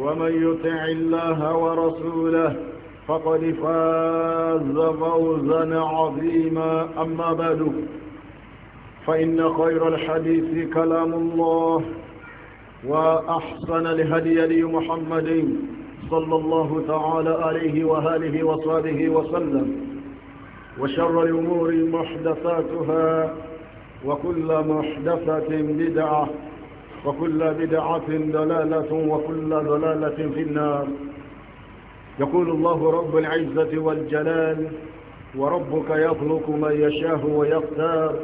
ومن يطع الله ورسوله فقد فاز فوزا عظيما أما بعد فإن خير الحديث كلام الله وأحسن الهدي لي محمد صلى الله تعالى عليه وآله وصحبه وسلم وشر الأمور محدثاتها وكل محدثة بدعة وكل بدعة ضلالة وكل ضلالة في النار يقول الله رب العزة والجلال وربك يخلق من يشاء ويختار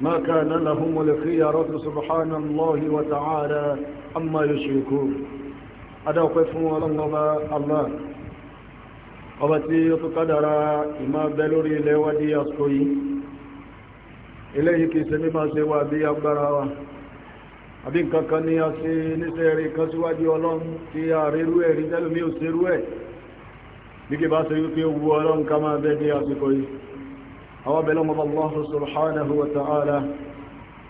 ما كان لهم الخيارة سبحان الله وتعالى أما يشركون أدوقفوا ولنظم الله أبتي قدر إما بلوري لودي أسكوي إليه كي سمي سوى بي أكبر àbí nǹkan kan ní a ṣe níṣẹ́ rí kan síwájú ọlọ́run tí a rírú ẹ̀ rí tẹ́lómi ò ṣerú ẹ̀ bí kí bá ṣe wípé owó ọlọ́run ká máa bẹ́ dé àsìkò yìí àwọn abẹ́lẹ́ ọmọ Allah subhanahu wa ta'ala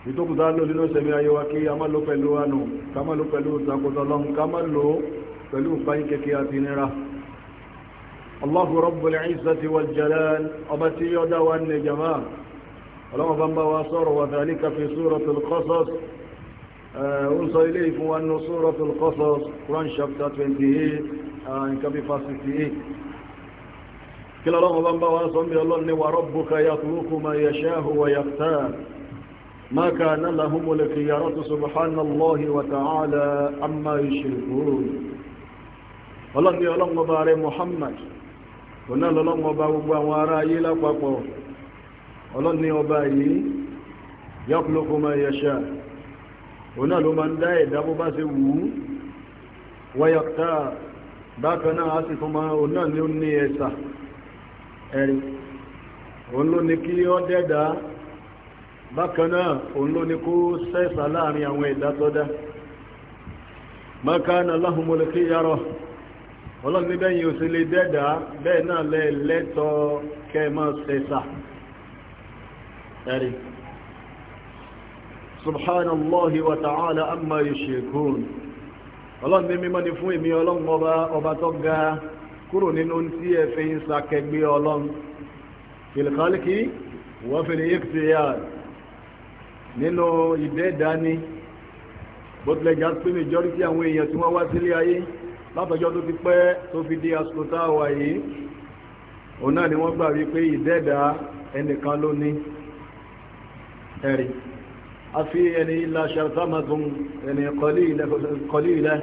ìtókùtà lò nínú ìṣẹ̀mí ayé wa kí a má lò pẹ̀lú àánú ká má lò pẹ̀lú ìtakùtà ọlọ́run ká Eh, ó ń sọ ilé ìfún wa nínú Suratul Qasas Quran chapter 28 eh, nǹkan bí fa 68 kí lọ́wọ́ bá ń bá wa sọ bí ọlọ́run ní wa rabbuka yakhluqu ma yasha'u wa yakhtar ma kana lahumul khiyaratu subhanallahi wa ta'ala amma yushrikun ọlọ́run ní ọlọ́run ọba rẹ̀ Muhammad yakhluqu ma yasha'u òun náà ló máa ń dá ẹ̀dá bó bá ṣe wù ú wáyọ̀tá bákan náà sì fún ma òun náà ni ó ní ẹ̀sà ẹ̀rí òun ló ní kí ó dẹ́dá bákan òun ló ní kó sẹ́sà láàrin àwọn ẹ̀dá tó dá makana lahumul khiyara ọlọ́run ní bẹ́yìn òsèlè dẹ́dà bẹ́ẹ̀ náà lẹ́ẹ̀lẹ́tọ̀ọ́ kẹ́ẹ̀mọ́ sẹ́sà ẹ̀rí سبحان الله وتعالى أما amma yushrikun ọlọ́run ní mímọ́ ni fún èmi ọlọ́run ọba ọba tó ga kúrò nínú tí ẹ fi ń sàkẹgbẹ́ ọlọ́run fìlìkálìkì wọ́n fi lè yíkìtì yá nínú ìdẹ́ẹ̀dání bó tilẹ̀ já pé majority àwọn èèyàn tí wọ́n wá sílé ayé látọjọ́ tó ti pẹ́ tó fi di àsìkò tá a wà yìí òun náà ni wọ́n gbà wípé ìdẹ́ẹ̀dá ẹnìkan ló ní ẹ̀rí àfi ẹni ilá ṣàtàmàtún ẹni kọlílẹ̀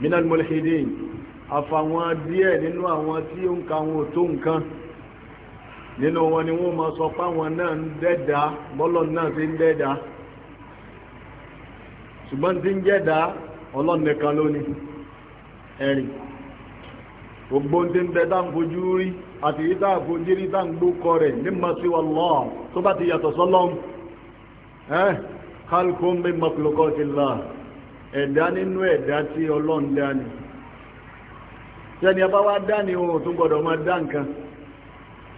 minal mulhidin àfàwọn díẹ̀ nínú àwọn tí ó ń ka wọn tó nǹkan nínú wọn ni wọ́n ma sọ páwọn náà ń dẹ́dà bọ́lọ̀ náà sí ń dẹ́dà ṣùgbọ́n tí ń jẹ́dà ọlọ́nìkan lónìí ẹ̀rìn gbogbo tí ń bẹ táǹfojú rí àti ìtàǹfojú rí táǹgbókọ rẹ̀ ní masiwallah tó bá ti yàtọ̀ sọ́lọ́mù kálkún bí mọ́kùlùkọ́ ti là ẹ̀dá nínú ẹ̀dá tí ọlọ́run dání sẹ́ni ọba wá dání ohun tó gbọ́dọ̀ máa dá nǹkan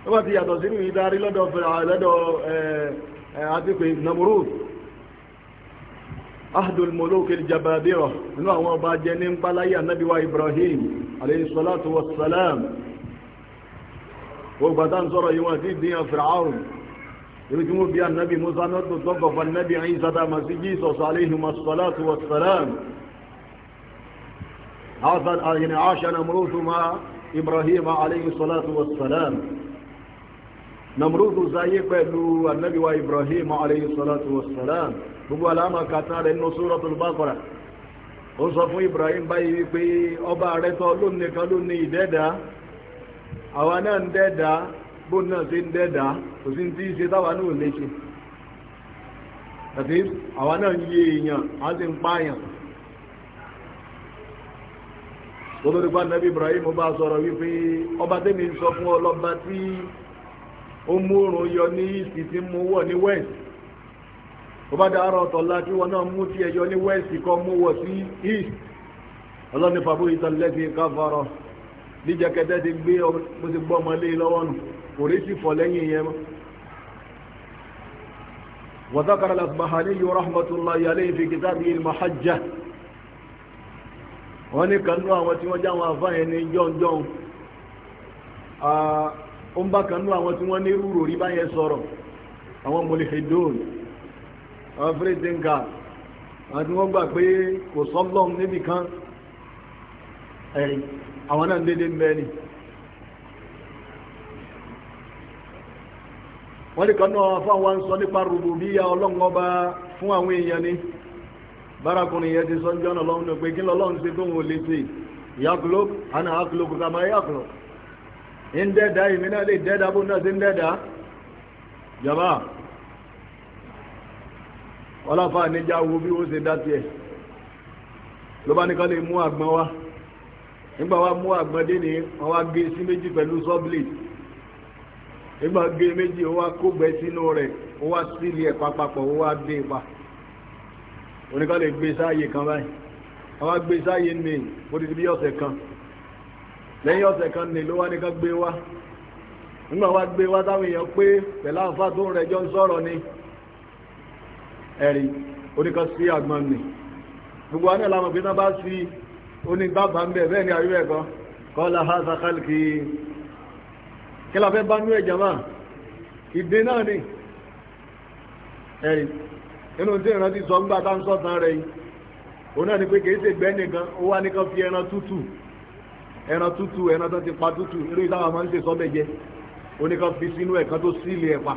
ó bá ti yàtọ̀ sínú ìdarí lọ́dọ̀ lọ́dọ̀ àtìpé namuru ahdul muluk al-jababira inú àwọn ọba jẹ ní pálayà nabiwa ibrahim alayhi salatu wassalam gbogbo àtàǹsọ̀rọ̀ yìí wọ́n ti irú tí النبي bí annabi musa náà tó tọ́gbọ̀fà annabi isa ta masu jesus alaihi masalatu wasalam يعني عاش نمروز مع إبراهيم عليه الصلاة والسلام نمروز زيك له النبي وإبراهيم عليه الصلاة والسلام هو لما كتنا لأنه سورة البقرة وصف إبراهيم بي أبا رتو لنك لني ددا أو أنا ددا bó náà ṣe ń dẹ́dà kò sí tí ṣe táwa náà lè ṣe àti àwa náà ń yé èèyàn a ti ń pààyàn olórí pa nàbí Ibrahim bá sọ̀rọ̀ wípé ọba tẹ́mi ń sọ fún ọlọ́ba tí ó mú oòrùn yọ ní east tí mú wọ̀ ní west ó bá dáárọ̀ ọ̀tọ̀lá kí wọn náà mú tí ẹyọ ní west kọ́ mú wọ̀ sí east ọlọ́ni fàbó ìtàlẹ́sìn káfọ́rọ̀ níjàkẹ́tẹ́ ti gbé ọmọ sí gbọ́mọlé lọ́wọ́ nù kò rí sí fọ lẹ́yìn yẹn mọ́ وذكر الأصبهاني رحمة الله عليه في كتابه المحجة wọ́n kanú àwọn tí wọ́n jáwọn àfáyẹ ní jọ́njọ́n ó ń bá kanú àwọn tí wọ́n ní rúrò rí báyẹn sọ̀rọ̀ àwọn mulhidun àwọn fírídínkà àti wọ́n gbà pé kò sọ́lọ́m níbìkan àwọn náà dédé mẹ́rin wọ́n lè kàn náà fún àwọn sọ nípa rububiyya ọlọ́run ọba fún àwọn èèyàn ni bárakùnrin yẹn ti sọ ń jọ́nà lọ́wọ́ pé kí lọ́lọ́run ṣe tóun ò lè ṣe yàgùlọ́ àná àkùlọ́ kò kàmá yàgùlọ́ ń dẹ́ẹ̀dá èmi náà lè dẹ́ẹ̀dá bó náà ṣe ń dẹ́ẹ̀dá jọba ọlọ́fà níjà wo bí ó ṣe dá tiẹ̀ ló bá ní ká lè mú àgbọn wá nígbà wá mú àgbọn dé ni wọ́n wá gé sí méjì pẹ̀lú sọ́bìlì ìgbà gé méjì ó wá kógbẹ sínú rẹ̀ ó wá sílé ẹ̀ papapọ̀ ó wá dé pa oníkan lè gbé sáàyè kan báyìí àwọn gbé sáàyè ní odidi bí ọ̀sẹ̀ kan lẹ́yìn ọ̀sẹ̀ kan ní ló wá ní ká gbé wá nígbà wá gbé wá táwọn èèyàn pé pẹ̀lú àǹfà tó ń rẹjọ́ ń sọ̀rọ̀ ni ẹ̀rí oníkan sí àgbọn ni gbogbo wọn làwọn òbí náà bá sí onígbàbà ń bẹ̀ bẹ́ẹ̀ ni àríwẹ̀ kan kọ́ la kálíkì kí la fẹ́ bá nú ẹ̀jẹ̀ máa ìdè náà ni ẹ̀rì nínú tí ìrántí sọ ńgbà tá ń sọ̀tàn rẹ̀ yìí òun náà ni pé kìí ṣègbẹ́ nìkan ó wá nìkan fi ẹran tútù ẹran tútù ẹran tó ti pa tútù irú ìtawà máa ń ṣe sọ́bẹ̀ jẹ oníkan fi sínú ẹ̀kan tó sílé ẹ̀pà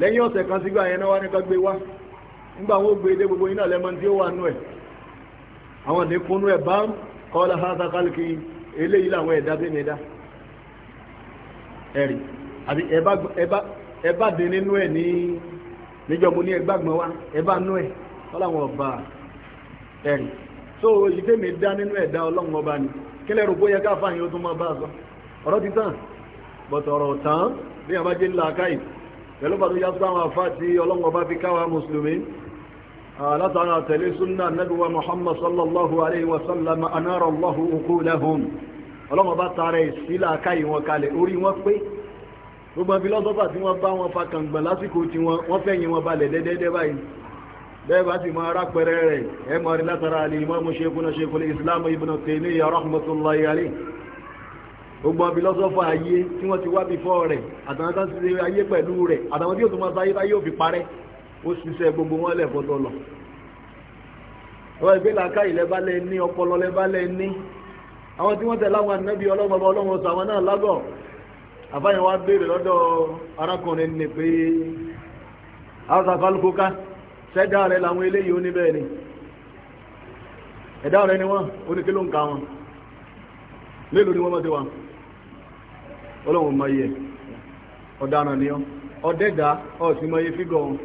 lẹ́yìn ọ̀sẹ̀ kan sígbà yẹn náà wá nìkan gbé wá ńgbà wọn ó gbé dé gbogbo iná lẹ́mọ tí ó wà nú ẹ̀ àwọn nìkúnú ẹ̀ bá ń kọ́ ọ́ ẹ̀rì àbí ẹbá dé nínú ẹ̀ ní níjọmú ní ẹgbàgbọ́n wá ẹbá nú ẹ̀ ọláwọn ọba ẹ̀rì so ìfẹ́ mi dá nínú ẹ̀dá ọlọ́run ọba ni kílẹ̀ rò bóyá káfà yín ó tún máa bá a sọ ọ̀rọ̀ ti tàn bọ̀tọ̀ ọ̀rọ̀ tán bí a bá jẹ́ ńlá káyì pẹ̀lú bàtú yá sọ àwọn afá tí ọlọ́run ọba fi káwa mùsùlùmí látara tẹ̀lé súnà nàbíwá muhammad sallallahu alayhi wa sallam anára allahu ukulahum ọlọ́mọ bá tara ìsílà káyì wọn kalẹ̀ orí wọn pé gbogbo fílọ́sọ́fà tí wọ́n bá wọn fa kàngbọ̀n lásìkò tí wọ́n fẹ̀yìn wọn balẹ̀ dẹ́dẹ́dẹ́ báyìí bẹ́ẹ̀ bá sì máa rápẹrẹ rẹ̀ ẹ máa rí látara àlè ìmọ̀ọ́mù ṣekúnà ṣekúnà ìsìlámù ibn Taymiyyah rahmatullahi alayhi gbogbo fílọ́sọ́fà ayé tí wọ́n ti wá before rẹ̀ àtàwọn tó ti ayé pẹ̀lú rẹ̀ àtàwọn tí yóò tún máa sáyé báyé òfin parẹ́ ó ṣiṣẹ́ gbogbo wọn àwọn tí wọ́n tẹ̀ láwọn ànábì ọlọ́mọ ọba ọlọ́mọ ọsọ àwọn náà lágọ̀ àbáyẹn wa béèrè lọ́dọ̀ arákùnrin ní pé àwọsàfàlùkọ́ká ṣẹ́dá rẹ̀ làwọn eléyìí ó ní bẹ́ẹ̀ ni ẹ̀dá ni wọ́n wọn ni wọ́n wa ọlọ́run ọ̀daràn ni ọ̀dẹ́gà ọ̀sìn fígọ̀ wọn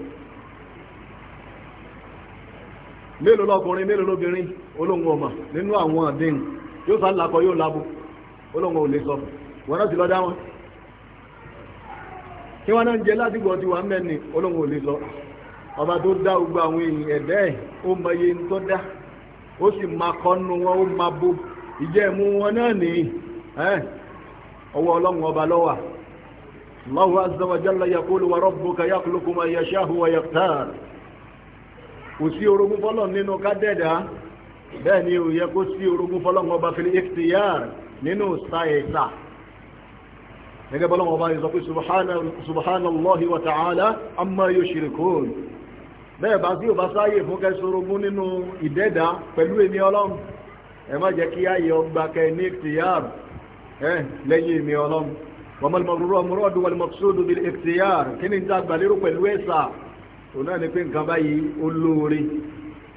mélòó lọkùnrin mélòó lóbìnrin olóhùn ọmọ nínú àwọn yóò sá lakọ yóò labo olóńgbò ò lè sọ wọn náà ti lọ dá wọn kí wọn náà ń jẹ láti gbọ́ ti wà ń mẹ́ni olóńgbò ò lè sọ ọba tó dá gbogbo àwọn èèyàn ẹ̀dá ẹ̀ ó mọ iye ń tọ́ dá ó sì máa kọ́nu wọn ó máa bo ìjẹ́ ìmú wọn náà nìyí ọwọ́ ọlọ́run ọba lọ́wà Allahu azza wa jalla yaqulu wa rabbuka yakhluqu ma yasha'u wa yaqtar kò sí orogún fọ́lọ̀ nínú ká dẹ̀dá bẹ́ẹ̀ ni ò yẹ kó sí orogún fọ́lọ́wọ́ bá fil ikhtiyar nínú sáyẹ̀sà gẹ́gẹ́ bọ́lọ́wọ́ bá yíso pé subhanallahi wa ta'ala amma yushrikun bẹ́ẹ̀ bá sí ò bá sáyẹ̀ fún kẹsọ orogún nínú ìdẹ́dà pẹ̀lú èmi ọlọ́m ẹ má jẹ́ kí ayé ọgbà kẹ ní ikhtiyar lẹ́yìn èmi ọlọ́m wàmọ́lmọ́rúrọ́ mọ́rọ́dù wal-maqsudu bil kí ni ń ta gbàlérò pẹ̀lú ẹ̀sà òun náà ni pé nǹkan báyìí ó lóore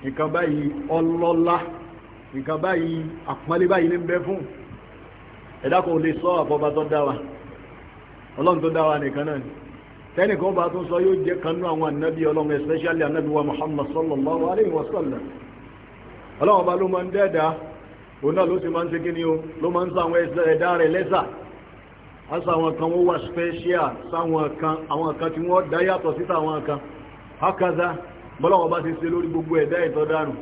nǹkan báyìí ọlọ́lá nǹkan báyìí àpọ́nlé báyìí ní ń bẹ fún ẹ̀dá kò lè sọ àfọba tó dá wa ọlọ́run tó dá wa nìkan náà ni tẹ́nìkan bá tún sọ yóò jẹ́ kanú àwọn ànábì ọlọ́run especially ànábì wa Muhammad sallallahu alayhi wa sallam ọlọ́run ọba ló máa ń dẹ́ẹ̀dá òun náà ló sì máa ń ṣe kíni o ló máa ń sa àwọn ẹ̀dá rẹ̀ lẹ́sà á sa àwọn kan wọ́n wà special sáwọn kan àwọn kan tí wọ́n dá yàtọ̀ síta àwọn kan hakaza bọ́lọ́wọ́ bá ti ṣe lórí gbogbo ẹ̀dá ìtọ́dánù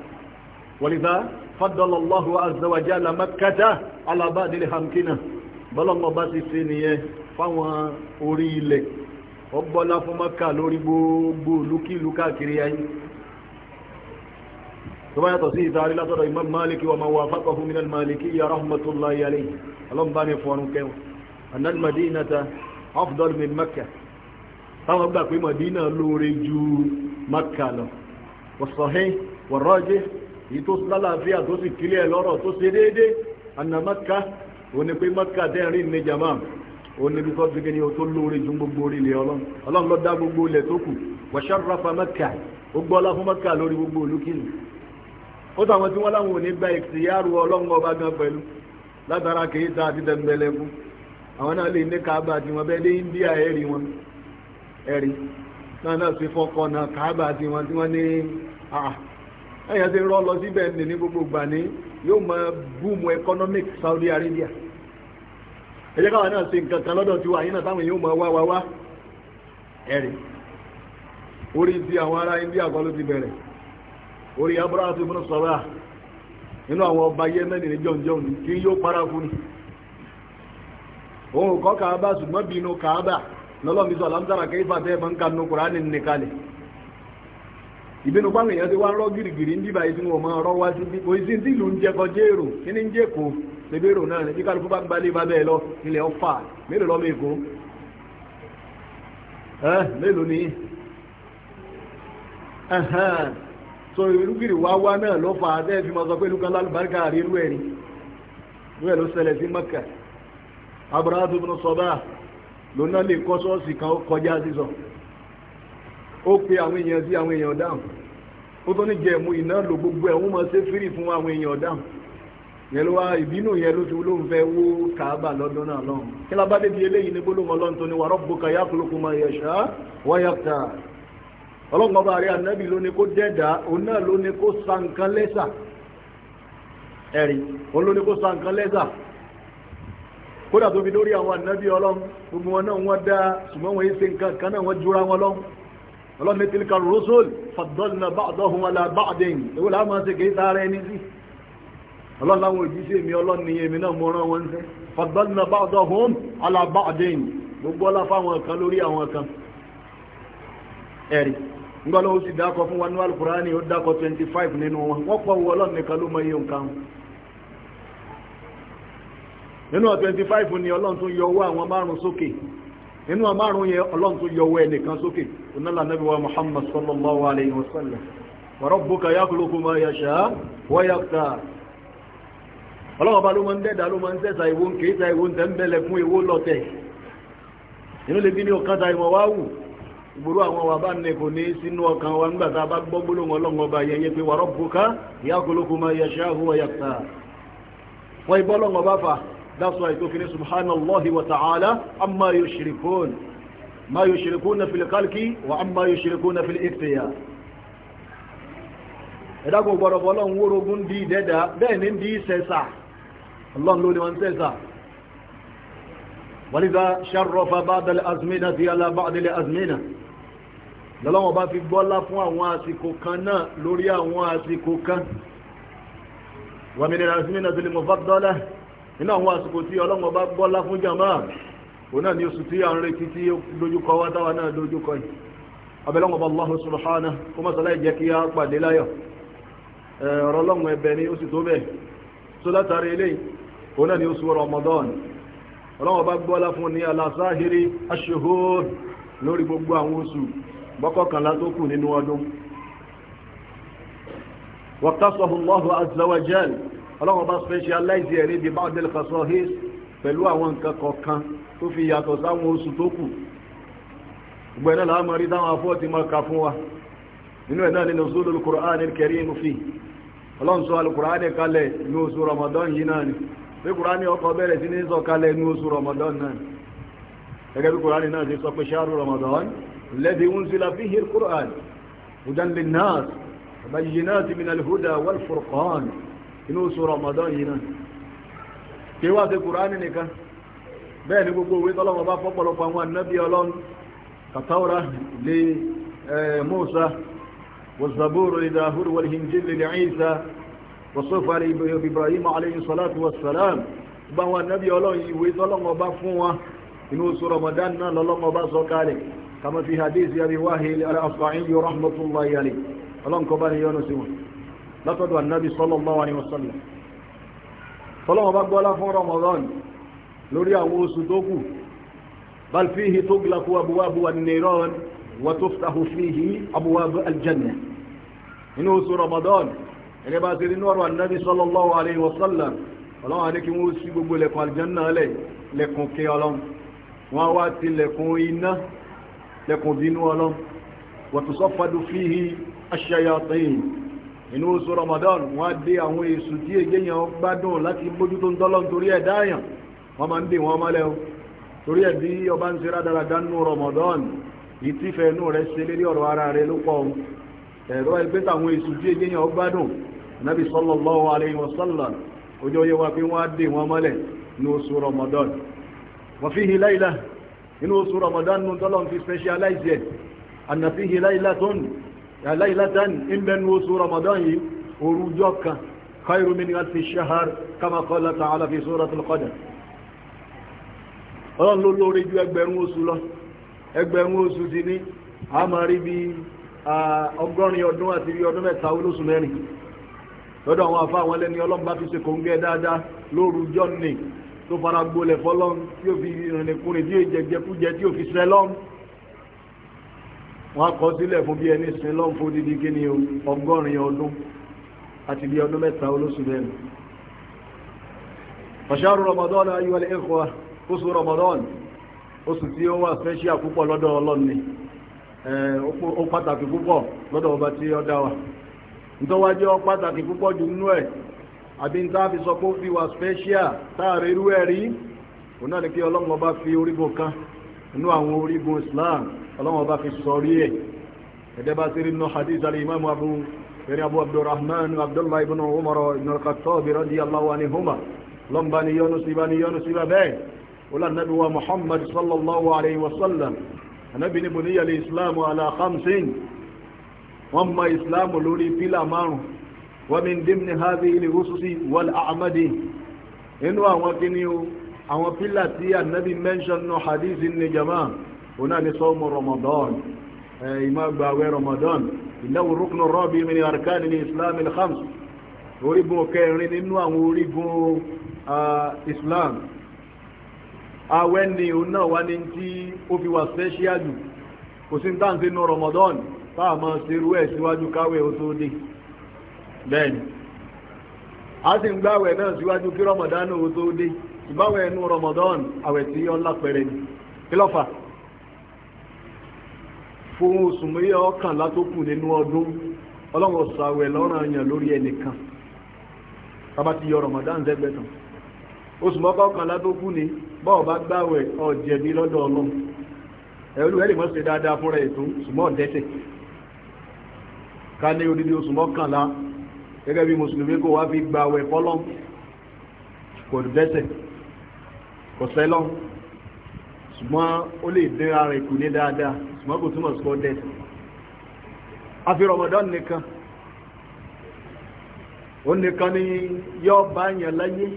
wọ̀lìfà fàdọ́lọ́lọ́hù azọ́wàjá alamakata alabadilẹ̀ hamkina bọ́lọ́wọ́ bá ti ṣe nìyẹn fáwọn orí ilẹ̀ ọgbọ́lá fún maka lórí gbogbo lúkìlú káàkiri ayé tó bá yàtọ̀ sí ìtàrí látọ̀dọ̀ imam maliki wa ma wà fápá fún minal maliki ya rahmatullahi alayhi alọ́mbá ni fọ́nù afdal min makkah táwọn gbà pé Madina lóore ju Makka lọ wọ̀sọ̀hẹ́ wọ̀rọ́jẹ́ èyí tó lálàáfíà tó sì kílẹ̀ lọ́rọ̀ tó ṣe déédéé anna Makka òní pé Makka dẹ́rìn ní jama òní bí kọ́sí kí ni o tó lóore ju gbogbo orílẹ̀ ọlọ́run ọlọ́run ló dá gbogbo ilẹ̀ tó kù wọ̀ṣọ́rafa Makka ó gbọ́lá fún Makka lórí gbogbo olúkìlù ó tàwọn tí wọ́n láwọn ò ní gba ìtìyàrú ọlọ́run ọba gan pẹ̀lú látara kìí ta àti tẹ̀gbẹ̀lẹ̀ àwọn náà lè ní kaaba tí bẹ́ẹ̀ dé India ẹ̀rí wọn ẹ̀rí náà náà sí fọ́kọ́ na káàbà tí wọ́n tí wọ́n ní ah, ah, ẹ̀yà ti rọ́ lọ síbẹ̀ ní ní gbogbo gbà ní yóò mọ búùmù economic Saudi Arabia ẹ jẹ́ náà ṣe nǹkan kan lọ́dọ̀ tiwa yìí náà táwọn yóò mọ wá wá wá ẹ̀rí orí ti àwọn ará India ló ti bẹ̀rẹ̀ orí nínú àwọn ọba Yemen ní kí yóò para fún Kaaba ṣùgbọ́n bínú Kaaba lọ́lọ́mí sọ alámsára kẹfà tẹ́ ẹ̀mọ́ ń ka nù kùránì ní kalẹ̀ ìbínú pàmì èèyàn ti wá rọ́ gìrìgìrì ń dìbà ìsinmi ọmọ ọ̀rọ̀ wá sí bí òyìn sí ti ìlú ń jẹ kọjá èrò kí ní ń jẹ kó lébé èrò náà ní kálukú bá gbalé bá bẹ́ẹ̀ lọ ilẹ̀ ọ̀fà mélòó lọ́mọ èkó ẹ́ mélòó ni so irúgìrì wá wá náà ló fà á tẹ́ fi máa sọ pé lukan lálùbáríkà rí irú ẹ̀ ni ẹ̀ ló ṣẹlẹ̀ sí Mẹ́kà Abraha tó fi lónà lè kọ́ sọ́ọ̀sì kan ó kọjá sísọ ó pe àwọn èèyàn sí àwọn èèyàn dáhùn ó tó ní jẹ̀mú iná lo gbogbo ẹ̀ wọ́n máa ṣe fírì fún àwọn èèyàn dáhùn yẹn ló wá ìbínú yẹn ló ti ló ń fẹ́ wó kàábà lọ́dún náà lọ́hùn kí la bá débi eléyìí ní gbólóhùn ọlọ́run tó ní wa rabbuka yakhluqu ma yasha wa yakhtar ọlọ́run ọba rẹ̀ ànábì ló ní kó dẹ́dà òun náà ló kó sa nǹkan lẹ́sà ẹ̀rí òun ló kó sa nǹkan lẹ́sà kódà tó fi lórí àwọn ànábì ọlọ́run gbogbo wọn náà wọ́n dá ṣùgbọ́n wọ́n yìí ṣe nǹkan kan náà wọ́n jura wọn lọ́run ọlọ́run ní tilka rusul faddalna ba'dahum ala ba'din èwo làá máa ṣe kì í sára ẹni sí ọlọ́run láwọn òjíṣẹ́ mi ọlọ́run ní èmi náà mo rán wọn ṣe faddalna ba'dahum ala ba'din gbogbo ọlá fáwọn kan lórí àwọn kan ẹ̀rí ngbọ́lọ́wọ́ sì dákọ̀ fún wa ní alukurani ó dákọ̀ 25 nínú wọn wọ́n pọ̀ wọ́lọ́ nìkan ló mọ iye nǹkan nínú 25 ni ọlọ́run tún yọ owó àwọn márùn sókè nínú márùn yẹn ọlọ́run tún yọ owó ẹnìkan sókè onílà nàbí wa muhammad sallallahu alayhi wa sallam wa rabbuka yakhluqu ma yasha wa yakhtar ọlọ́run ọba ló máa ń dẹ́dà ló máa ń tẹ́sà ìwò ń kéésà ìwò ń tẹ́ fún ìwò lọ́tẹ̀ inú lè bí ní ọkàn ta ìmọ̀ wá wù ìgbòrò àwọn wà bá ní kò ní sínú ọkàn wa nígbà tá a bá gbọ́ gbólóhùn ọlọ́run ọba yẹn yẹn pé wa rabbuka yakhluqu ma yasha wa yakhtar wọ́n ìbọ́ ọlọ́run ọba fà that's why tó fi ní subhanallahi wa ta'ala amma yushrikun ma yushrikuna fil khalqi wa amma yushrikuna fil ikhtiyar ẹ̀dàgbò gbọ́dọ̀bọ̀ ọlọ́run wórógún dí ìdẹ́dà bẹ́ẹ̀ ní dí sẹ́sà ọlọ́run ló ní wọn sẹ́sà wàlíza ṣarọ́fà bá dalẹ̀ azmina ti alábá adilẹ̀ azmina lọ́lọ́wọ́ bá fi gbọ́lá fún àwọn àsìkò kan náà lórí àwọn àsìkò kan wàmìnira azmina ti lè nínú àwọn àsìkò tí ọlọ́wọ́n bá gbọ́lá fún jàmbá òun náà ni oṣù tí à ń retí tí ó dojúkọ wá táwa náà dojúkọ yìí abẹ́lọ́wọ́n bá Allahu subhanahu kó má sàlàyé jẹ́ kí á pàdé láyọ̀ ẹ̀rọ ẹbẹ̀ ni ó sì tó bẹ̀ tó látàrí eléyìí òun náà ni oṣù Ramadan ọlọ́wọ́n bá gbọ́lá fún ní aláṣáhìrí aṣèhóòr ọlọ́run bá specialize ẹ̀ níbi bá ọdẹ lẹ́kọ̀ọ́sọ hayes pẹ̀lú àwọn nǹkan kọ̀ọ̀kan tó fi yàtọ̀ sáwọn oṣù tó kù gbogbo ẹ̀nà làwọn mọ̀rí táwọn afọ́ ti máa ka fún wa nínú ẹ̀ náà nínú sódò alukur'an karim fi ọlọ́run sọ alukur'an kalẹ̀ ní oṣù ramadan yìí náà ni pé kur'an ọkọ̀ bẹ̀rẹ̀ sí ní sọ kalẹ̀ ní oṣù ramadan náà ni gẹ́gẹ́ bí kur'an náà ti sọ pé ṣáàrù ramadan lẹ́bi ń sila fi hir kur'an hudan lin nas bayyinati min al inú oṣù Ramadan yìí náà kí wá sí Kùránì nìkan bẹ́ẹ̀ ni gbogbo òwe tọ́lọ́wọ́ bá fọ́pọ̀lọpọ̀ àwọn ànábì ọlọ́run kàtàwọ́rá lè eh, Musa wàzàbúrò lè Dawud wàlìhìnjì lè Isa wàsọ́fà Ibrahim alayhi salatu wassalam gbogbo bá fún wa sí wọn látọ̀dọ̀ annabi sallallahu alaihi wasallam tọ́lọ́wọ́ bá gbọ́lá fún ramadan lórí àwọn oṣù tó kù bal fihi tughlaqu abwabu an-niran wa tuftahu fihi abwabu al-janna inú oṣù ramadan ẹgbẹ́ bá ti rí nọ́rọ̀ annabi sallallahu alaihi wasallam ọlọ́wọ́ ní kí wọ́n sí gbogbo lẹ́kùn aljanna lẹ́ inú oṣù Ramadan wọ́n á dé àwọn èṣù tí èyàn gbádùn láti bójú tó ń tọ́lọ́ nítorí ẹ̀dá àyàn wọ́n máa ń dè wọ́n mọ́lẹ̀ o torí ẹ̀ bí ọba ń ṣe rádaràdá nínú Ramadan ìtífẹ̀ inú rẹ̀ ṣe lérí ọ̀rọ̀ ara rẹ̀ ló pọ̀ ẹ̀rọ ẹgbẹ́ táwọn èṣù tí èyàn gbádùn Nabi sallallahu alayhi wa ojú ọyẹ wa pé wọ́n á dè wọ́n mọ́lẹ̀ inú oṣù Ramadan wa fihi layla inú oṣù Ramadan nínú tọ́lọ́ aláìlátàní ìbẹnu oṣù ramadan yìí orújọ́ kan khairu min alfi shahar kama qala ta'ala fi suratul qadr ọlọ́run ló lórí ju ẹgbẹ̀rún oṣù lọ ẹgbẹ̀rún oṣù ti ní a máa rí bí ọgọ́rin ọdún àti bí ọdún mẹ́ta olóṣù mẹ́rin lọ́dọ̀ àwọn afá àwọn ẹlẹ́ni ọlọ́run bá fi ṣe kòńgẹ́ dáadáa lóru jọ́ni tó fara gbolẹ̀ fọlọ́run tí ó fi rìnrìn kúrin tí ó jẹjẹkújẹ tí ó fi sẹ́lọ́run wọ́n kọ sílẹ̀ fún bí ẹni sin lọ́n fún dídí kí ni ọgọ́rin ọdún àti bí ọdún mẹ́ta olóṣù lẹ́nu ọ̀ṣàrù Ramadan ayúwà lè ẹ̀kọ́ oṣù Ramadan oṣù tí ó wà special púpọ̀ lọ́dọ̀ ọlọ́ni ó pàtàkì púpọ̀ lọ́dọ̀ ọba tí ó dá wa ntọ́wájú ó pàtàkì púpọ̀ jù nínú ẹ̀ àbí ń táàfi sọ pé ó fi wà special táàrí irú ẹ̀ rí òun náà ni kí ọlọ́run ọba fi orígun kan nínú àwọn orígun Islam ọlọ́wọ́n bá fi sọrí ẹ̀ ẹ̀dẹ́ bá sí nínú hadith al-imam abu eré abu abdulrahman abdullahi ibn umar ibn al-khattab radiyallahu anhuma lọ́n bá ní yọnu sí bá ní yọnu sí bá bẹ́ẹ̀ wọ́n nàbí wa muhammad sallallahu alayhi wa sallam anabi ni buniya li islamu ala khamsin wọ́n ma islamu lórí pílà márùn wa min dimni hadhihi al-ususi wal a'madi inú àwọn kíní àwọn pílà tí anabi mention no hadith ni jama'a òun náà ni sọ́mù Ramadan ìmọ̀gbàwẹ̀ Ramadan ìnáwó rúkúnù rọ́ọ̀bì mi ní arkani ní Islam ilhams orígun kẹrin nínú àwọn orígun Islam awẹ́ ni òun náà wá ní tí ó fi wà special jù kò sí ní táǹsì nínú Ramadan táà máa ṣerú ẹ̀ síwájú káwẹ̀ ó tó dé bẹ́ẹ̀ni a sì ń gbáwẹ̀ náà síwájú kí Ramadan ó tó dé ìbáwẹ̀ ẹnu Ramadan àwẹ̀ tí ọlá pẹ̀rẹ̀ ni kí fún oṣù mẹ́yà ọ̀kànlá tó kù nínú ọdún ọlọ́run ọ̀sàwẹ̀ lọ́rùn àyàn lórí ẹnìkan bàbá ti yọ Ramadan zẹ́gbẹ́ oṣù mọ́kà ọ̀kànlá tó kù ní bọ́ọ̀ bá gbàwẹ̀ ọ̀jẹ̀bí lọ́dọ̀ ọlọ́run ẹ̀rú ẹ̀rì mọ́sẹ̀ dáadáa fúnra ètò ṣùgbọ́n ọ̀dẹ́tẹ̀ ká ní odidi oṣù mọ́kànlá gẹ́gẹ́ bí mùsùlùmí wá fi gbàwẹ̀ ṣùgbọ́n ó lè dínra rẹ̀ kù ní dáadáa ṣùgbọ́n kò túnmọ̀ sọ dẹ̀ àfi Ramadan nìkan ó nìkan ni yóò bá yàn láyé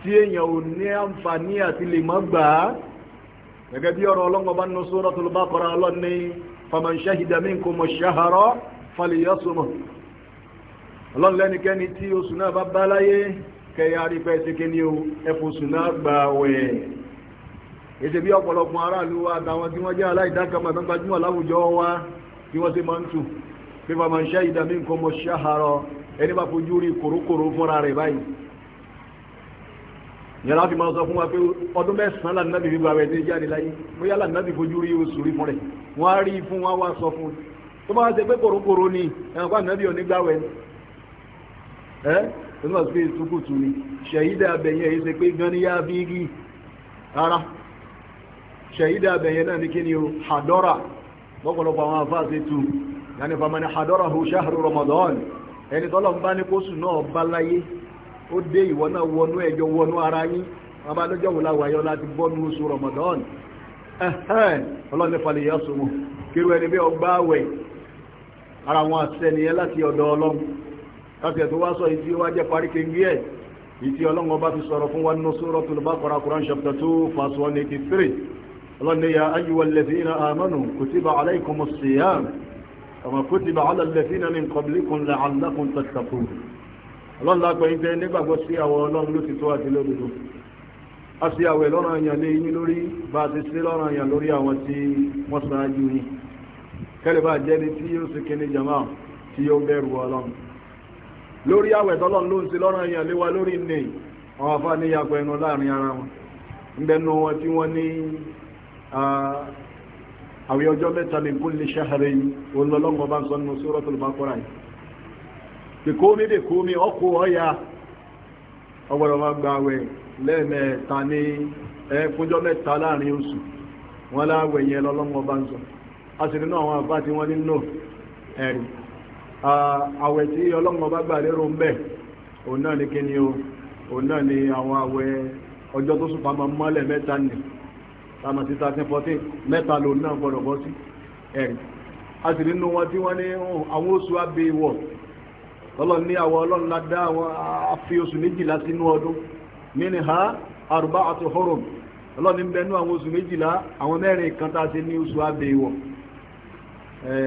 tí èèyàn ò ní àǹfààní àti lè má gbà á gẹ́gẹ́ bí ọ̀rọ̀ ọlọ́gbọ̀n bá nù Suratul Baqara ọlọ́ni faman shahida minkum ash-shahra falyasumhu ọlọ́run lẹ́nikẹ́ni tí oṣù náà bá bá láyé kẹyà rí pẹ́ sí kí náà gbà wẹ̀ẹ́ ètè bí ọ̀pọ̀lọpọ̀ aráàlú wa àtàwọn tí wọ́n jẹ́ aláìdákàmọ̀ tó gbajúmọ̀ láwùjọ wa tí wọ́n ti máa ń tù pé bàmà ń ṣe ìdàmí nǹkan mọ̀ ṣáhàrọ̀ ẹni bá fojú rí kòrókòró fúnra rẹ̀ báyìí yẹn láti máa sọ fún wa pé ọdún mẹ́sàn-án là nàbì fífi àwẹ̀ ní láyé mo yálà nàbì fojú rí oṣù rí fún rẹ̀ wọ́n á rí fún wa wá sọ fún tó bá ṣe pé kòrókòró ni ẹ̀wọ̀n pa nàbì onígbàwẹ̀ ẹ́ ẹ̀ ló wà sí pé ìtukùtù ni ṣèyí dàbẹ̀yẹ yìí ṣe pé gan ni yá bí igi rárá ṣẹ̀yídà abẹ̀yẹn náà ní kí ni o hadọ́ra lọ́pọ̀lọpọ̀ àwọn afá àti tu yàní famani hadọ́ra hu ṣáàrù Ramadan ẹni tọ́lọ̀ ń bá ní kóṣù náà bá láyé ó dé ìwọ náà wọnú ẹjọ wọnú ara yín bàbá lọ́jọ́ wò láwà yọ láti bọ́ ní oṣù Ramadan ọlọ́ni falẹ̀ yà sọmọ kírú ẹni bí ọgbà àwẹ̀ ara wọn àtẹniyẹ láti ọ̀dọ̀ Ọlọ́run ọba fi sọ̀rọ̀ fún wa nínú Suratul Baqara Quran chapter two verse one ọlọ́ni ya ayyuwa lẹ́fìnà àmọ́nù kùtìbà aláìkọmọ̀ síyàm kama kùtìbà alàlẹ́fìnà ní kọbílíkùn làálàkùn tàṣàkù ọlọ́nà àpẹyìn tẹ́ nígbàgbọ́ sí àwọ̀ ọlọ́run ló ti tó àti lódodo a sì àwẹ̀ lọ́nà àyàn lé yín lórí bá a ti sí lọ́nà àyàn lórí àwọn tí wọ́n ṣáájú yín kẹ́lẹ̀ jẹ́ ní tí yóò sì kíní jama tí yóò bẹ̀rù ọlọ́run lórí àwẹ̀ tọ́lọ́run ló ń sí lọ́nà àyàn lé lórí ní àwọn afáníyàpẹ̀ ẹnu láàrin ara wọn ń bẹnu wọn tí wọ́n ní Ah, àwẹ̀ ọjọ́ mẹ́ta min kulli shahrin olólọ́gbọ̀n bá ń sọ nínú Suratul Baqarah yìí ọkọ̀ ọ̀yà ọgbọ̀dọ̀ máa gba àwẹ̀ lẹ́ẹ̀mẹ́ta ní ẹ̀fúnjọ́ mẹ́ta láàrin oṣù wọn láwẹ̀ yẹn lọ́lọ́gbọ̀n bá ń sọ a sì nínú àwọn àbá tí wọ́n ní nò ẹ̀rì ah, àwẹ̀ tí ọlọ́gbọ̀n bá gbà lérò ń bẹ̀ òun náà kíni o òun náà àwọn àwẹ̀ ọjọ́ tó mọ́lẹ̀ mẹ́ta àmà sí thirteen fourteen mẹ́ta lòun náà gbọ́dọ̀ bọ́ sí ẹ̀rí a sì nínú wọn tí wọ́n ní àwọn oṣù abẹ́ ìwọ̀ ọlọ́run ní àwọn ọlọ́run la dá àwọn afi oṣù méjìlá sínú ọdún mini ha arba'atu hurum ọlọ́run ń bẹnu àwọn oṣù méjìlá àwọn mẹ́rin kan tá a ṣe ní oṣù abẹ́ ìwọ̀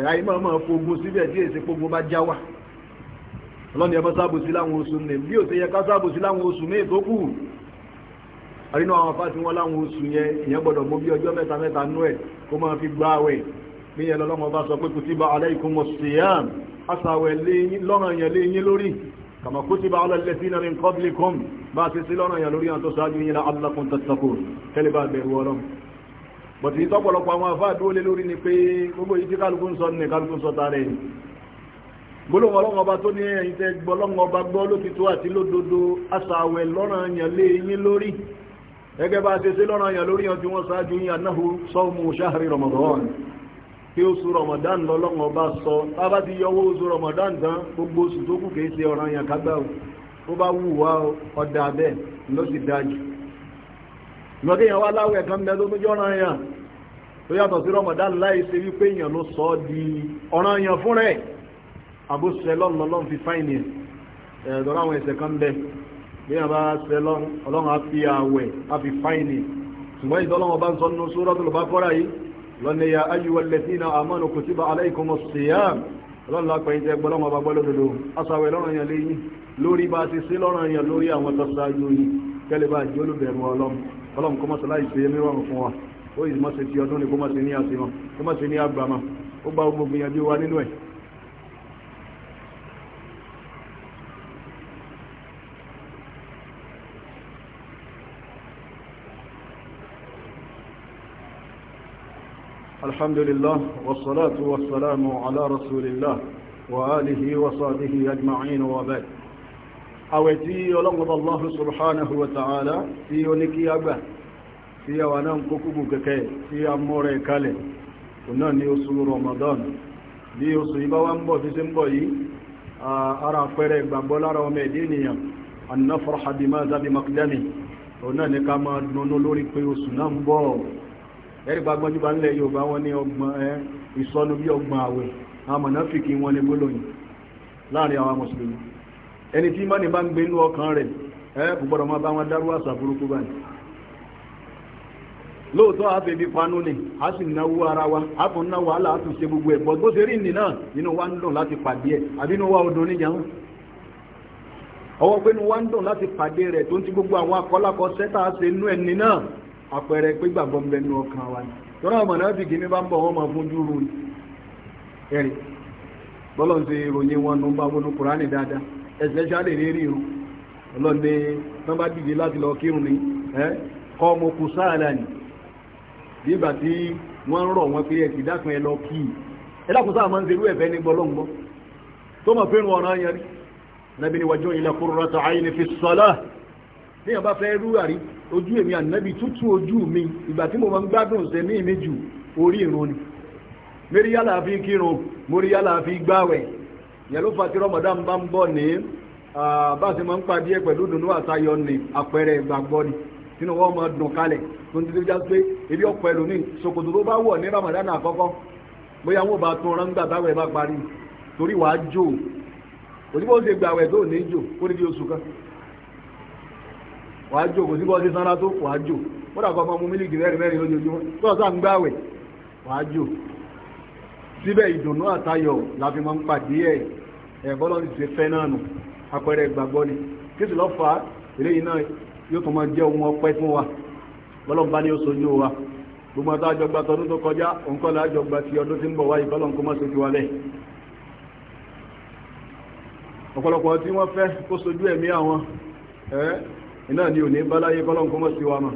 ayé máa máa fogun síbẹ̀ díẹ̀ sí fogun bá já wà ọlọ́run yẹ bá sábòsí láwọn oṣù nìyẹn bí ó ṣe yẹ ká sábòsí láwọn oṣù méjì tó kù àrínú àwọn afá tí wọ́n láwọn oṣù yẹn ìyẹn gbọ́dọ̀ mú bí ọjọ́ mẹ́ta mẹ́ta nú ẹ̀ kó máa fi gbá àwẹ̀ bí yẹn lọ́lọ́mọ bá sọ pé kutiba alaykumu siyam asàwẹ̀ lọ́rọ̀ yẹn lé yín lórí kama kutiba ala alladhina min qablikum bá a ti sí lọ́rọ̀ yẹn lórí àtọ́ sáájú yín la'allakum tattaqun tẹ́lẹ̀ bá bẹ̀rù lọ́rọ̀ yẹn lé gẹ́gẹ́ bá ṣe sí lọ́rọ̀ lórí ọjọ́ wọn ramadan kí ramadan lọ́lọ́wọ́ bá sọ tábà ti yọwọ́ oṣù ramadan tán gbogbo oṣù tó kù kìí ṣe ọ̀ràn yẹn kágbà o tó bá wù wá ọ̀dà abẹ́ ló sì dájú ìgbàkéyàn wá láwẹ̀ kan bẹ tó ọ̀ràn tó yàtọ̀ sí ramadan láì ṣe wípé èèyàn ló sọ di ọ̀ràn lọ́nà lọ́n bí a bá ṣe ọlọ́run á fi àwẹ̀ á fi fáìnì ṣùgbọ́n ìtọ́lọ́wọ́ bá ń sọ nínú Suratul Baqara yìí lọ́nà ya ayyuwal ladhina amanu kutiba alaykumus siyam ọlọ́run lápẹ́ ìjẹ́ gbọ́lọ́mọ bá gbọ́lọ́ dodo aṣàwẹ̀ lọ́rọ̀ yẹn léyìn lórí bá ti sí lọ́rọ̀ yẹn lórí àwọn tọ́sáájú yìí kẹ́lẹ́ bá jẹ́ olùbẹ̀rù ọlọ́run ọlọ́run kọ́ mọ́sálá ìṣe mìíràn fún wa ó yìí má ṣe ti ọdún ni kó má ṣe ní àṣìmọ́ kó má ṣe ní àgbàmọ́ ó bá gbogbo ìyànjú الحمد لله والصلاة والسلام على رسول الله وآله وصحبه أجمعين وبعد أوتي يلغض الله سبحانه وتعالى في يونيكي أبا في يوانام كوكوكو ككي في أموري كالي كنا نيوسو رمضان نيوسو إبوان بو في سنبوي أرى فرق بابولا رومي دينيا أن نفرح بماذا بمقدمه هنا نكما ننولوري كيوسو نمبو ẹ̀rìgbà gbọ́njúbà ńlẹ̀ Yorùbá wọn ní ọgbọ̀n ẹ ìsọnù bí ọgbọ̀n àwẹ̀ àwọn mọ̀nàfíkì wọn ní gbólóyìn láàrin àwọn mùsùlùmí ẹni tí mọ́ni bá ń gbé inú ọkàn rẹ̀ ẹ kò gbọ́dọ̀ máa bá wọn dárú àṣà burúkú báyìí lóòótọ́ a panu ni a sì náwó ara wa a kò a tún ṣe gbogbo ẹ̀ rí nìyàn wa ń dùn láti pàdé ẹ̀ àbí inú wa àpẹẹrẹ pé gbàgbọ́ ń bẹ nínú ọkàn wa ni tọ́lá ọmọ náà fìkì ní bá ń bọ̀ wọ́n máa fojú ru ẹ̀rì bọ́lọ̀ ń ìròyìn wọn nù bá wọnú kùránì dáadáa ẹ̀sẹ̀ ṣáà lè rí o ní wọ́n bá dìde láti lọ kírun kọ́ ọmọ kù sáàlà ni bọlọ tí wọ́n ń rọ̀ wọn pé ẹ̀ dákun ẹ lọ kí i ẹ dákun ojú èmi ànábì tútù ojú mi ìgbà tí mo máa ń gbádùn ṣe mí mi jù orí ìrun ni mérí yálà fi kírun mórí yálà fi gbáwẹ̀ yẹn ló fa ti rọmọdán bá ń bọ̀ ní bá a ṣe máa ń pàdé ẹ pẹ̀lú dùnú àtayọ ni àpẹẹrẹ ìgbàgbọ́ ni sínú wọn máa dùn kalẹ̀ tó ń tẹ́lẹ̀ já pé ebi ọ̀pọ̀ ẹlòmíì ṣòkòtò ló bá wọ̀ ní ramadan àkọ́kọ́ bóyá wọn ò bá tún ọ̀rán gbà táwọn ẹ̀ bá parí torí wàá jò òdìbò ó ṣe gbàwẹ̀ tó ní jò ó ní oṣù kan wàá jò kò sí bọ́ọ̀sì sanra tó wàá jò kódà kọ́ ọmọ mu mílíkì mẹ́rin mẹ́rin lójoojúmọ́ tó ọ̀sán ń gbáwẹ̀ wàá jò síbẹ̀ ìdùnnú àtayọ̀ la fi máa ń pàdé ẹ̀ ẹ̀ bọ́lọ́ ti ṣe fẹ́ náà nù àpẹẹrẹ ìgbàgbọ́ ni kí sì lọ́ fà á eléyìí náà yóò tún máa jẹ́ ohun ọpẹ́ fún wa bọ́lọ́ ń bá ní oṣù ojú wa gbogbo àti àjọgbà tọdún tó kọjá òǹkọ́ la àjọgbà ti ọdún tí ń bọ̀ wáyé bọ́lọ́ ń kó má ṣe wa lẹ̀ ọ̀pọ̀lọpọ̀ tí wọ́n fẹ́ kó sojú ẹ̀mí àwọn ẹ̀ iná ni ò ní báláyé kọ́lọ́n kó mọ̀ sí wa mọ̀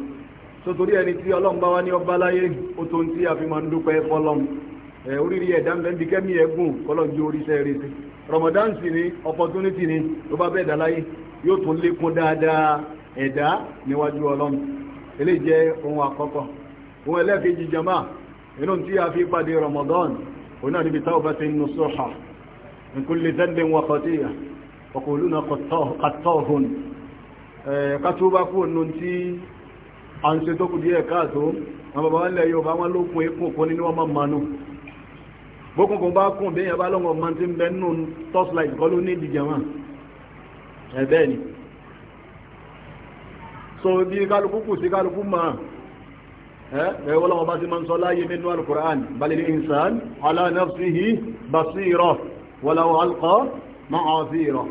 so torí ẹni tí ọlọ́run bá wá ní ọ báláyé ó tó ń tí a fi máa ń dúpẹ́ fọlọ́run ẹ oríire ẹ̀dá ń bẹ́ ń bi kẹ́mi ẹ̀ gùn kọ́lọ́n ju oríṣẹ́ rẹ̀ sí Ramadan sì ni opportunity ni ló bá bẹ́ẹ̀ dáláyé yóò tún lékún dáadáa ẹ̀dá níwájú ọlọ́run eléyìí jẹ́ ohun àkọ́kọ́ ohun ẹlẹ́ẹ̀kejì jama inú tí a fi pàdé Ramadan òun náà níbi táwọn bá ti ń nu sọ́ha Eh, kátúbá kúrò nínú tí a ń ṣe tó kù díẹ̀ káàtó wọn bàbá wọn lẹ̀ yóò bá wọn lókun ikùn kún nínú ọmọ mmanú bókùnkùn bá kùn bí èèyàn bá lọ́wọ́ ọmọ tí ń bẹ nínú tọ́sílàìtì kọ́ ló ní ìdíje wọn ẹ̀bẹ́ eh, ni so bí kálukú kù sí kálukú máa eh, ẹ̀ẹ́ wọ́n lọ́wọ́ bá sí máa ń sọ láyé nínú alukur'an balil insan ala nafsihi basira wa law alqa ma'azira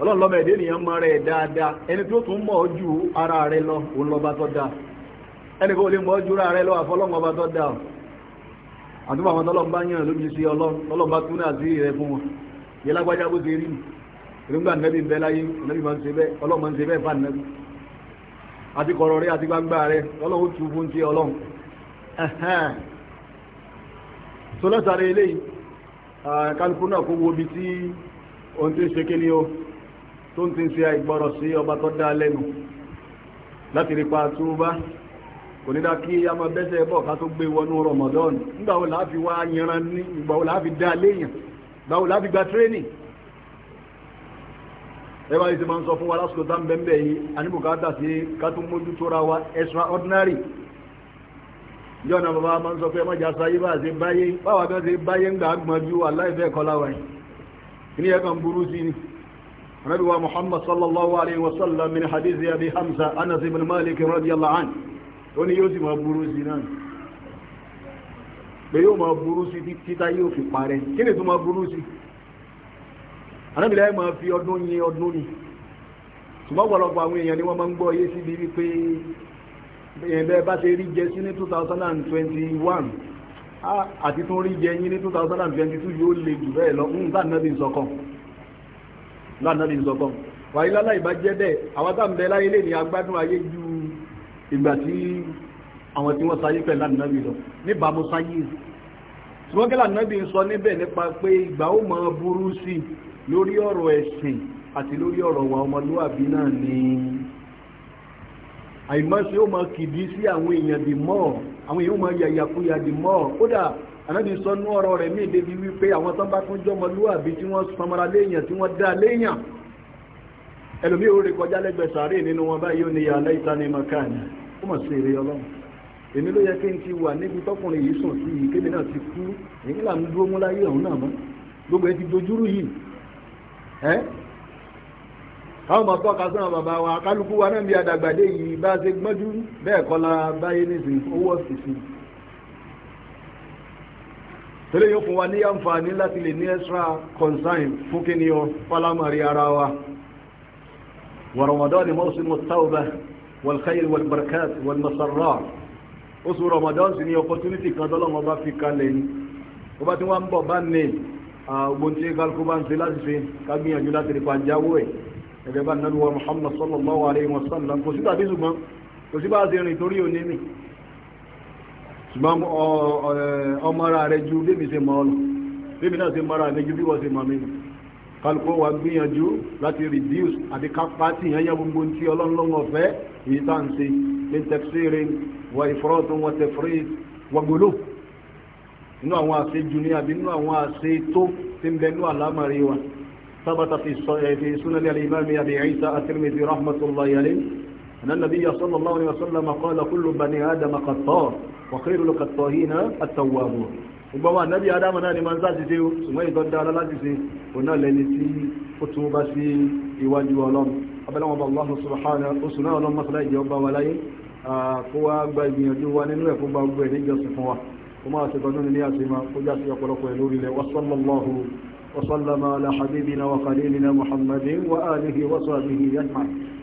ọlọ́run lọ́mọ ẹ̀dẹ́ ènìyàn mọ rẹ̀ dáadáa ẹni tó tún mọ̀ ọ́ ju ara rẹ̀ lọ òun lọ́ba tó dáa ẹni kò lè mọ̀ ọ́ ju ara rẹ̀ lọ àfọlọ́run ọba tó dáa àdúgbò àwọn tọ́lọ́run bá yàn lójú sí ọlọ́run bá túnú àti rẹ̀ fún wọn yẹ lágbájá bó ti rí ìrúgbà nẹ́bí bẹ́ẹ̀ láyé nẹ́bí máa ń ṣe bẹ́ẹ̀ ọlọ́run máa ń ṣe bẹ́ẹ̀ fà nẹ́bí àti kọ̀rọ̀ rẹ̀ àti gbangba rẹ̀ ọlọ́run tún fún ti ọlọ́run tó lọ́sàrẹ̀ eléyìí kálukú náà kó wo ibi tí ohun tó ń ṣe kí ni o tó ń ti ṣe àìgbọ́rọ̀ sí ọba tó dá lẹ́nu láti rí pa túbá kò ní dá kí a máa bẹ́sẹ̀ bọ̀ ká tó gbé wọnú Ramadan nígbà wo la fi wá yanran ní ìgbà wo la fi dá léèyàn ìgbà wo la fi gba tírénì ẹwà yìí ti máa ń sọ fún wa lásìkò tá ń bẹ́ ń bẹ́ yìí aníbùkátà sí ká tó mójú tóra wa extraordinary yọ́ na bàbá máa ń sọ pé mọ́jà sáyé bá ṣe báyé báwa bẹ́ẹ̀ ṣe báyé ń gbà gbọ́n ju aláìfẹ́ kọlá yìí kí ni ẹ̀kan burú sí ni نبي محمد صلى الله عليه وسلم من حديث أبي حمزة أنس بن مالك رضي الله عنه وني يوسف أبورو زنان بيوم أبورو سي تيتا يو في بارين كيني ثم أبورو سي أنا بلاي ما في أدوني أدوني ثم أقول لك أمي يعني وما نبغى يسي بيبي بي ẹ̀bẹ́ bá ṣe rí jẹ sí ní 2021 àti tún rí jẹ yín ní 2022 yóò le jù bẹ́ẹ̀ lọ ń bá nàbí sọkàn lánàá ní ìsọ̀kan wàyí lálá ìbàjẹ́ bẹ́ẹ̀ àwọn tá ń bẹ láyé lè ní agbádùn ayé ju ìgbà tí àwọn tí wọ́n sáyé pẹ̀lú lánàá bí lọ níbàámu sáyé ṣùgbọ́n kí lánàá bí sọ níbẹ̀ nípa pé ìgbà ó mọ burú sí lórí ọ̀rọ̀ ẹ̀sìn àti lórí ọ̀rọ̀ wa ọmọlúwàbí náà ni àìmọ́sí ó mọ kìdí sí àwọn èèyàn dì mọ́ àwọn èèyàn ó mọ yàyàkúyà dì mọ́ kódà anábì sọ nú ọ̀rọ̀ rẹ̀ mí débi wípé àwọn tó bá tún jọmọ lúwàbí tí wọ́n sanmọ́ra léèyàn tí wọ́n dá léèyàn ẹlòmí ò kọjá lẹ́gbẹ̀ẹ́ nínú wọn báyìí ó ní ya aláìta ní makani ó mọ̀ sí èrè ọlọ́run èmi ló yẹ kí n ti wà níbi tọkùnrin yìí sùn sí yìí kébì náà ti kú èyí là tẹ́lẹ̀ yóò fún wa ní àǹfààní láti lè ní extra concern fún kí ni ọ pálámàrí ara wa wa Ramadan mawsim at-tawbah wal khair wal barakat wal masarrat Ramadan sì ni opportunity kan tọ́lọ́mọ bá fi kalẹ̀ ni ó bá ti wá ń bọ̀ bá ní ogun tí kálukú bá ń ṣe láti ṣe ká gbìyànjú láti rí pàjáwó ẹ̀ ẹ̀gẹ́ bá nàlúwa Muhammad sallallahu alayhi wa sallam kò sí tàbí ṣùgbọ́n kò sí bá a ṣe rìn torí òní mi ṣùgbọ́n ọmọra rẹ ju bébí ṣe mọ́ ọlọ bébí náà ṣe mọ́ra rẹ ju bí wọ́n ṣe mọ́ mi kálukú wa gbìyànjú láti reduce àti kápá tí ìyẹn yẹ gbogbo ti ọlọ́nlọ́wọ́ fẹ́ èyí tá à ń ṣe ní tẹ̀síìrì wọ ìfọ́rọ́tò wọ tẹ̀fírí wọgbóló inú àwọn àṣejù ni àbí inú àwọn àṣe tó ti ń bẹ inú àlámàrí wa sábàtà fi sọ ẹ̀ fi súnlẹ̀ alẹ́ ìmáàmì àbí Isa at-Tirmidhi rahmatullahi alayhi أن النبي صلى الله عليه وسلم قال كل بني آدم قطار وخير القطاهين التوابون gbogbo ànábì adáma náà ni ma ń sáà ti ṣe ṣùgbọ́n ìtọ́ dára láti ṣe kò náà lẹni tí ó tún bá sí iwájú ọlọ́run abẹ́lẹ́wọ̀n bá Allah subhanahu oṣù náà ọlọ́run masala ìjẹ́ ọba wa láyé kó wá gba ìgbìyànjú wa nínú ẹ̀ fún gbogbo ẹ̀ níjọsìn fún wa kó máa ṣe tọ́jú ní àṣẹ ma kó já sí ọ̀pọ̀lọpọ̀ ẹ̀ lórí ilẹ̀ wasallallahu wasallama ala habibina wa khalilina muhammadin wa alihi wa sahbihi yajma'in